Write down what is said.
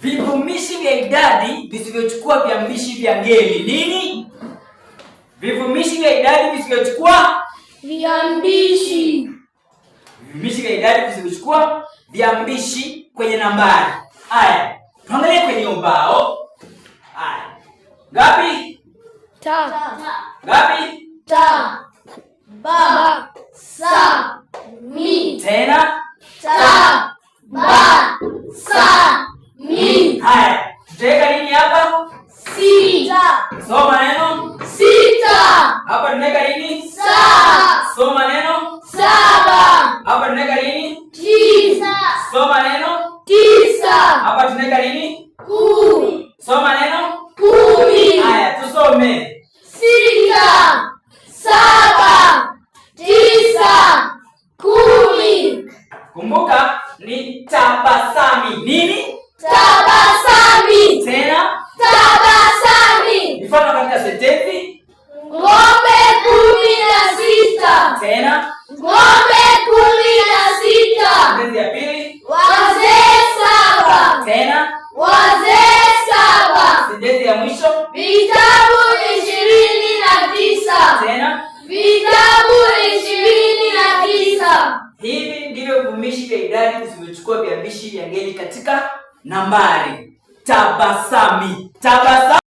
vivumishi vya idadi visivyochukua viambishi vya ngeli. Nini? Vivumishi vya idadi visivyochukua viambishi. Vivumishi vya idadi visivyochukua viambishi kwenye nambari. Haya, tuangalie kwenye ubao. Haya, ngapi? Ta. Ngapi? Ta. Ba. Sa. Mi. Tena. Ta. Ba. Sa tutaweka nini hapa? Sita. Soma neno sita. Hapa tunaweka nini? Saa. Soma neno saba. Hapa tunaweka nini? Tisa. Soma neno tisa. Hapa tunaweka nini? Kumi. Soma neno kumi. Haya, tusome sita, saba, tisa, kumi. Kumbuka ni tabasami nini? Ta kumi na sentensi ng'ombe kumi na sita tena ng'ombe kumi na sita Mwezi ya pili wazee saba tena wazee saba sentensi ya mwisho vitabu ishirini na tisa tena vitabu ishirini na tisa hivi ndivyo vivumishi vya idadi zimechukua viambishi vya ngeli katika nambari tabasami tabasami